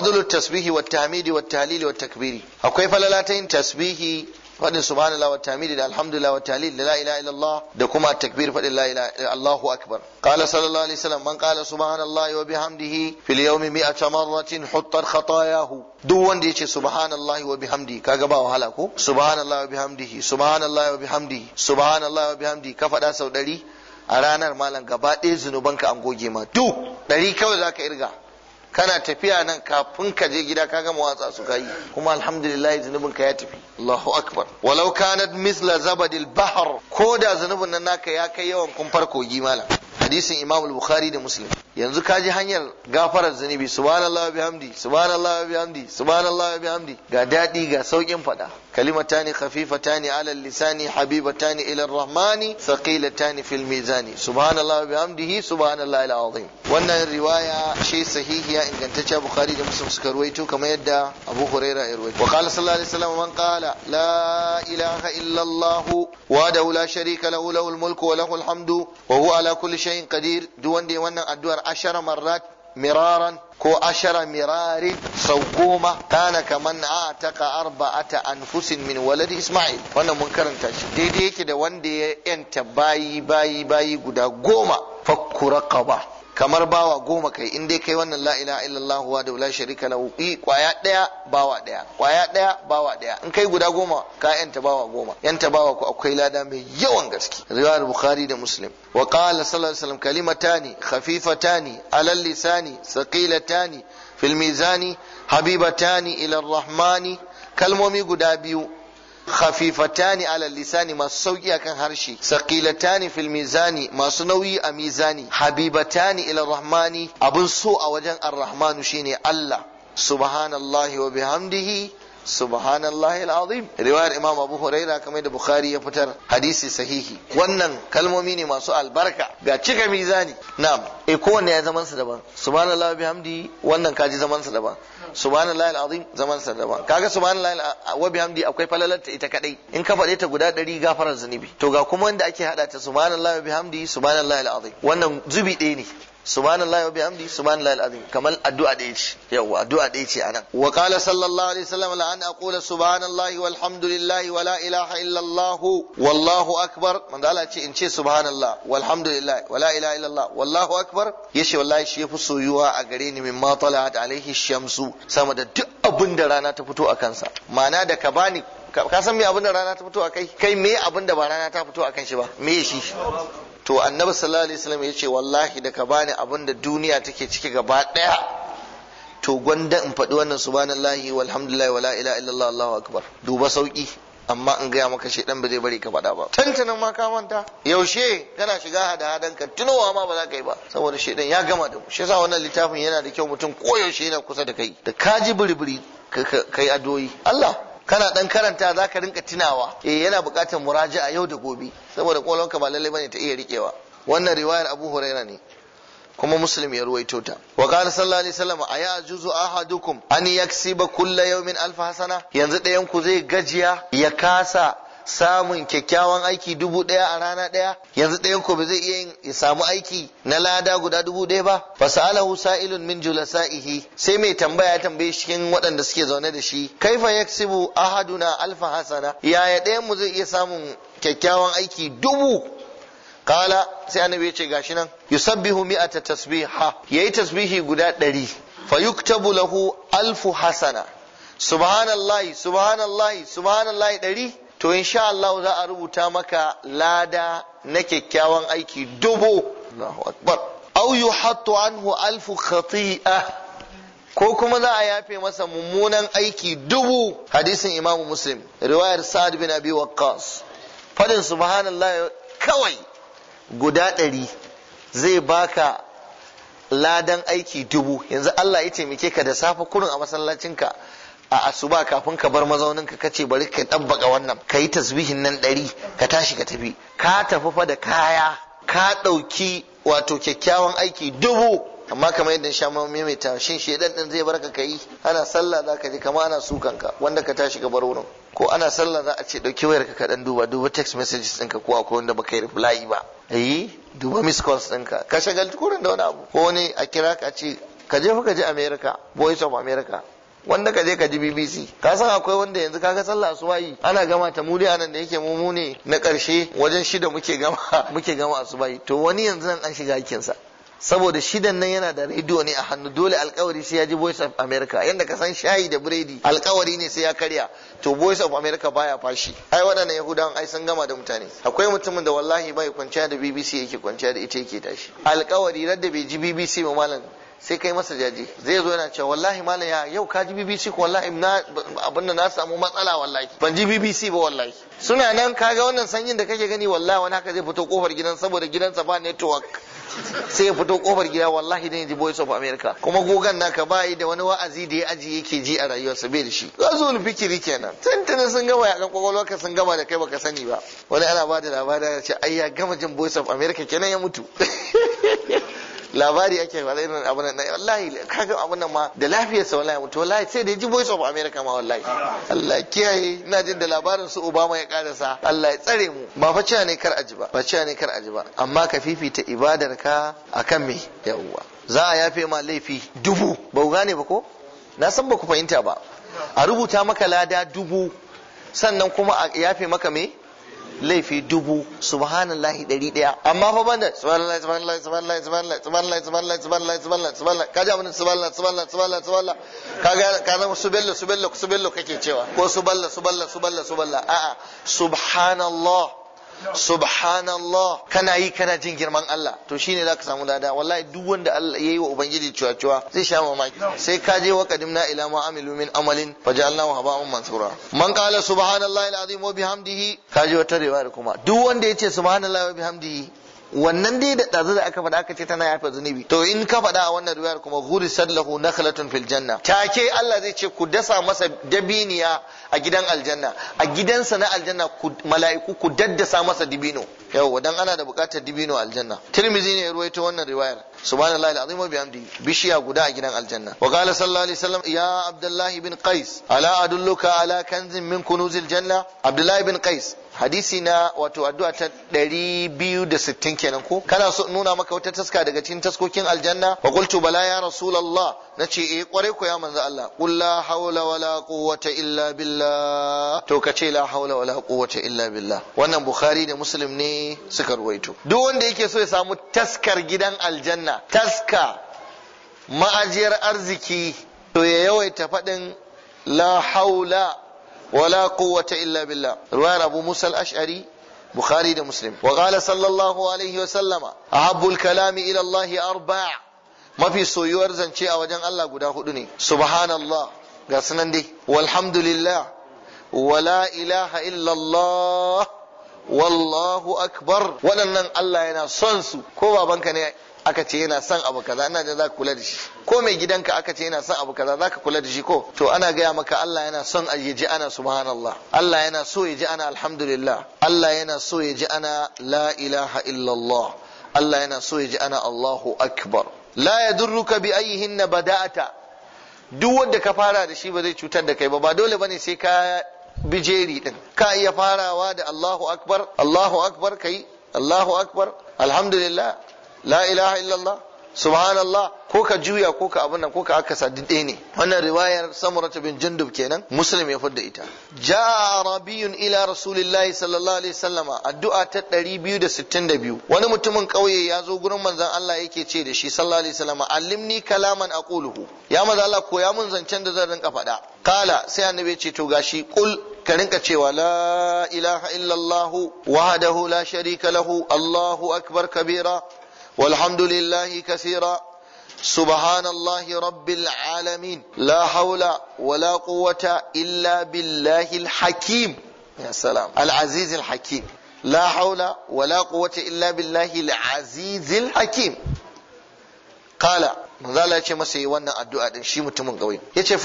fadlu tasbihi wa tahmidi wa tahlili wa takbiri akwai falala ta yin tasbihi fadin subhanallah wa tahmidi da alhamdulillah wa tahlil da kuma takbir fadin la Allahu akbar qala sallallahu alaihi wasallam man qala subhanallahi wa bihamdihi fil yawmi mi'ata marratin huttat khatayahu duk wanda yace subhanallahi wa bihamdi kaga ba wahala ko subhanallahi wa bihamdihi subhanallahi wa wa ka faɗa sau ɗari a ranar malam gaba ɗaya zunubanka an goge ma duk ɗari kawai zaka irga kana tafiya nan kafin ka je gida ka gama watsa su kai kuma alhamdulillah zunubin ka ya tafi Allahu akbar walau kanat misla zabadil bahr ko da zunubin nan naka ya kai yawan kun farko kogi malam hadisin Imam Bukhari da Muslim yanzu ka ji hanyar gafarar zunubi subhanallahi wa bihamdi subhanallahi wa bihamdi subhanallahi wa bihamdi ga dadi ga saukin fada كلمتان خفيفتان على اللسان حبيبتان إلى الرحمن ثقيلتان في الميزان سبحان الله وبحمده سبحان الله العظيم wannan riwaya ce sahihiya ingantacciya bukhari da muslim suka ruwaito kamar yadda abu huraira ya ruwaito wa qala sallallahu alaihi wasallam man qala la ilaha illa allah wa da la sharika lahu lahul mulku wa lahul hamdu ala kulli shay'in qadir duk wanda wannan addu'ar ashara marrat miraran ko ashara mirarin sau goma kana kaman a taka arba'ata anfusin min waladi isma'il wannan mun karanta shi daidai yake da wanda ya yanta bayi bayi bayi guda goma fakku raqaba kamar bawa goma kai in dai kai wannan la ilaha illallah wa da la sharika lahu i kwaya daya bawa daya kwaya daya bawa daya in kai guda goma ka yanta bawa goma yanta bawa ku akwai lada mai yawan gaske riwayar bukhari da muslim wa qala sallallahu alaihi wasallam kalimatani khafifatani ala lisani thaqilatani fil mizani habibatani ila rahmani kalmomi guda biyu khafifatani ala lisani masu sauki akan harshe saqilatani fil mizani masu nauyi a mizani habibatani ila rahmani abun so a wajen ar-rahmanu shine Allah subhanallahi wa bihamdihi subhanallahi alazim riwayar imam abu huraira kamar da bukhari ya fitar hadisi sahihi wannan kalmomi ne masu albarka ga cika mizani na'am eh wanne ya zaman sa daban subhanallahi bihamdi wannan kaji zaman sa daban subhanallahi alazim zaman sa daban kaga subhanallahi wa bihamdi akwai falalarta ita kadai in ka faɗe ta guda ɗari gafarar zunubi to ga kuma wanda ake hada ta subhanallahi bihamdi subhanallahi alazim wannan zubi ɗaya ne subhanallahi wa bihamdi subhanallahi alazim kamar addu'a da yace yawa addu'a da yace anan wa qala sallallahu alaihi wasallam la an aqula subhanallahi walhamdulillahi wa la ilaha illallah wallahu akbar manzo Allah ce in ce subhanallah walhamdulillah wa la ilaha illallah wallahu akbar yace wallahi shi yafi soyuwa a gare ni min ma talat alaihi shamsu sama da duk abin da rana ta fito a kansa ma'ana da ka bani ka san me abin da rana ta fito a kai kai me abin da ba rana ta fito a kan shi ba me shi to annabi sallallahu alaihi wasallam ya ce wallahi da ka bani abin da duniya take ciki gaba daya to gwanda in faɗi wannan subhanallahi walhamdulillahi wala ilaha illallah allahu akbar duba sauki amma in gaya maka shedan ba zai bari ka faɗa ba tantanin ma ka manta yaushe kana shiga hada hadan ka tunowa ma ba za ka yi ba saboda shedan ya gama da mu shi yasa wannan littafin yana da kyau mutum koyaushe yana kusa da kai da ka ji biribiri kai adoyi Allah kana dan karanta za ka rinka tunawa eh yana bukatar muraja'a yau da gobe saboda kwalonka ba lallai bane ta iya rikewa wannan riwayar abu huraira ne kuma muslim ya ruwaito ta wa qala sallallahu alaihi wasallam aya ajuzu ahadukum an yaksiba kulla yawmin alf hasana yanzu ɗayan ku zai gajiya ya kasa samun kyakkyawan aiki dubu ɗaya a rana ɗaya yanzu ɗayan ko ba zai iya yin ya samu aiki na lada guda dubu ɗaya ba alahu sa'ilun min julasa'ihi sai mai tambaya tambaye shi cikin waɗanda suke zaune da shi kaifa yaksibu ahaduna alfa hasana yaya ɗayan mu zai iya samun kyakkyawan aiki dubu kala sai annabi ya ce gashi nan yusabbihu mi'ata tasbiha yayi tasbihi guda ɗari fa yuktabu lahu alfu hasana subhanallahi subhanallahi subhanallahi ɗari to insha Allah za a rubuta maka lada na kyakkyawan aiki dubu Allahu akbar au yuhattu anhu alfu khati'a ko kuma za a yafe masa mummunan aiki dubu hadisin imamu muslim riwayar sa'ad bin abi waqqas fadin subhanallah kawai guda ɗari zai baka ladan aiki dubu yanzu Allah ya taimake ka da safe kurin a masallacinka a asuba kafin ka bar mazaunin ka kace bari ka dabbaka wannan ka yi tasbihin nan ɗari ka tashi ka tafi ka tafi fa da kaya ka ɗauki wato kyakkyawan aiki dubu amma kamar yadda sha ta shin shi dan dan zai barka kai ana sallah za ka kama ana sukan ka wanda ka tashi ka bar wurin ko ana sallah za a ce dauki wayar ka dan duba duba text messages ɗinka ko akwai wanda baka yi reply ba eh duba miss calls ɗinka ka shagaltu kurin da wani abu ko ne a kira ka ce ka je fa ka je America voice of America wanda ka je ka ji BBC ka san akwai wanda yanzu kaga sallah asubahi ana gama ta muli anan da yake mu na karshe wajen shida muke gama muke gama asubahi to wani yanzu nan an shiga yakin sa saboda shidan nan yana da rediyo ne a hannu dole alkawari sai ya ji Voice of America yanda ka san shayi da biredi alkawari ne sai ya karya to Voice of America baya fashi ai waɗannan Yahudawan ai sun gama da mutane akwai mutumin da wallahi bai kwanciya da BBC yake kwanciya da ita yake tashi alkawari radda bai ji BBC ba malam sai kai masa jaji zai zo yana cewa wallahi malam ya yau ka ji BBC ko wallahi na abin da na samu matsala wallahi ban ji BBC ba wallahi suna nan kaga wannan sanyin da kake gani wallahi wani haka zai fito kofar gidan saboda gidansa ba network sai ya fito kofar gida wallahi dai ji voice of america kuma gogan naka bayi da wani wa'azi da ya aji yake ji a rayuwarsa bai da shi azul fikiri kenan tantanin sun gama ya kan kwakwalwarka sun gama da kai baka sani ba wani ana ba da labari ya ce ai ya gama jin voice of america kenan ya mutu labari ake faɗa irin abun nan wallahi kaga abun nan ma da lafiyar sa wallahi to wallahi sai da ji voice of america ma wallahi Allah kiyaye ina jin da labarin su obama ya karasa Allah ya tsare mu ba fa ne kar aji ba ba ne kar aji ba amma ka fifita ibadar ka akan me yawwa za a yafe ma laifi dubu ba gane ba ko na san ba ku fahimta ba a rubuta maka lada dubu sannan kuma a yafe maka me laifi dubu subhanallahi ɗari ɗaya amma fa banda subhanallah subhanallah subhanallah subhanallah subhanallah subhanallah subhanallah subhanallah subhanallah ka abin subhanallah subhanallah subhanallah subhanallah ka zama kake cewa ko suballa suballa a'a subhanallah kana yi kana jin girman Allah to shine zaka samu lada wallahi duk wanda Allah yayi wa ubangiji cewa cewa zai sha mamaki sai ka je wa kadimna ila ma amilu min amalin faj'alnahu haba'an mansura man qala subhanallahi alazim wa bihamdihi ka je wa wata da kuma duk wanda yace subhanallahi wa bihamdihi wannan dai da ɗazu da aka faɗa aka ce tana yafe zunubi to in ka faɗa a wannan riwayar kuma guri sallahu nakhlatun fil janna take Allah zai ce ku dasa masa dabiniya a gidan aljanna a gidansa na aljanna ku mala'iku ku daddasa masa dibino Yau, dan ana da buƙatar dibino aljanna tirmizi ne ya ruwaito wannan riwayar subhanallahi alazim wa bihamdihi bishiya guda a gidan aljanna wa qala sallallahu alaihi wasallam ya abdullahi bin qais ala adulluka ala kanzin min kunuzil janna abdullahi bin qais hadisi na wato addu'a ta 260 kenan ko kana so nuna maka wata taska daga cikin taskokin aljanna wa qultu bala ya rasulullah nace eh kware ko ya manzo Allah qul la hawla wala quwwata illa billah to kace la hawla wala quwwata illa billah wannan bukhari da muslim ne suka ruwaito duk wanda yake so ya samu taskar gidan aljanna taska ma'ajiyar arziki to ya yawaita faɗin la haula wala quwwata illa billah ruwayar abu musa al-ash'ari bukhari da muslim wa qala sallallahu alaihi wa sallama ahabbul kalami ila allahi arba' mafi soyuwar zance a wajen Allah guda hudu ne subhanallah ga sunan dai walhamdulillah wala ilaha illallah wallahu akbar waɗannan Allah yana son su ko babanka ne aka ce yana son abu kaza ina da za ka kula da shi ko mai gidanka aka ce yana son abu kaza za ka kula da shi ko to ana gaya maka Allah yana son a ana subhanallah Allah yana so ya ji ana alhamdulillah Allah yana so ya ji ana la ilaha illallah Allah yana so ya ji ana Allahu akbar la yadurruka bi ayyihin bada'ata duk wanda ka fara da shi ba zai cutar da kai ba ba dole bane sai ka bijeri din ka iya farawa da Allahu akbar Allahu akbar kai Allahu akbar alhamdulillah la ilaha illallah subhanallah ko ka juya ko ka abin nan ko ka akasa ɗaya ne wannan riwayar samurata bin jundub kenan muslim ya fadda ita ja arabiyun ila rasulillahi sallallahu alaihi sallama addu'a ta 262 wani mutumin ƙauye ya zo gurin manzon Allah yake ce da shi sallallahu alaihi sallama allimni kalaman aquluhu ya maza Allah koya mun zancen da zan rinka faɗa kala sai annabi ce to gashi kul ka rinka cewa la ilaha illallah wahdahu la sharika lahu allahu akbar kabira والحمد لله كثيرا سبحان الله رب العالمين لا حول ولا قوة إلا بالله الحكيم يا سلام العزيز الحكيم لا حول ولا قوة إلا بالله العزيز الحكيم قال manzala ce masa yi wannan addu'a din shi mutumin ƙauye ya ce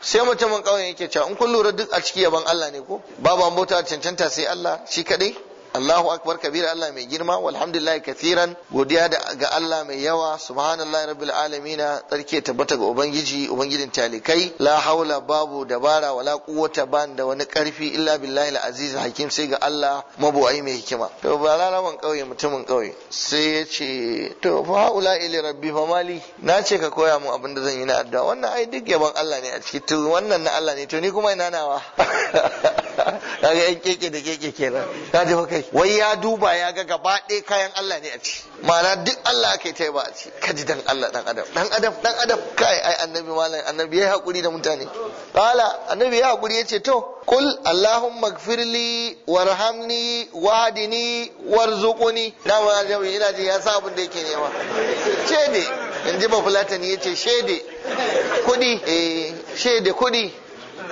sai mutumin ƙauye yake cewa in kun lura duk a ciki yaban Allah ne ko babu mota cancanta sai Allah shi kaɗai Allahu akbar kabira Allah mai girma walhamdulillah kathiran godiya ga Allah mai yawa subhanallahi rabbil alamin tsarki tabbata ga ubangiji ubangijin talikai la haula babu dabara wala quwwata ban da wani karfi illa billahi al-aziz hakim sai ga Allah mabuwai mai hikima to ba lalawan kauye mutumin kauye sai ya ce to fa haula ila rabbi fa mali na ce ka koya mu abin da zan yi na addu'a wannan ai duk yaban Allah ne a ciki to wannan na Allah ne to ni kuma ina nawa kaga yan keke da keke kenan ka ji fa kai wai ya duba ya ga gaba ɗaya kayan Allah ne a ci ma'ana duk Allah aka yi ta ba a ci kaji dan Allah dan adam dan adam dan adam kai ai annabi malam annabi ya hakuri da mutane Bala annabi ya hakuri ce to Kul allahumma ighfirli warhamni wahdini warzuqni dama annabi ina ji ya sa abin da yake nema shede in ji ba fulatani ya ce shede kudi eh shede kudi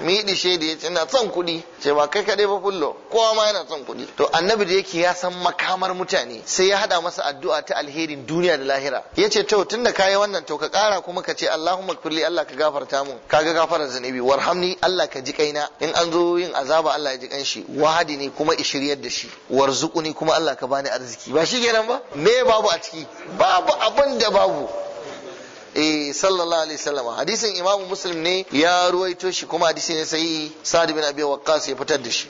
miɗishe da ya ce ina son kuɗi ce ba kai kaɗai ba fullo kowa ma yana son kuɗi to annabi da yake ya san makamar mutane sai ya haɗa masa addu'a ta alherin duniya da lahira ya ce to tunda ka yi wannan to ka ƙara kuma ka ce Allahumma kulli Allah ka gafarta mun ga gafarar zunubi warhamni Allah ka ji kaina in an zo yin azaba Allah ya ji kan shi wahadi ne kuma ishiriyar da shi warzuquni kuma Allah ka bani arziki ba shi kenan ba me babu a ciki babu abin da babu Eh, sallallahu alaihi wasallam hadisin imamu muslim ne ya ruwaito shi kuma hadisi ne sai sa'ad bin abi waqqas ya fitar da shi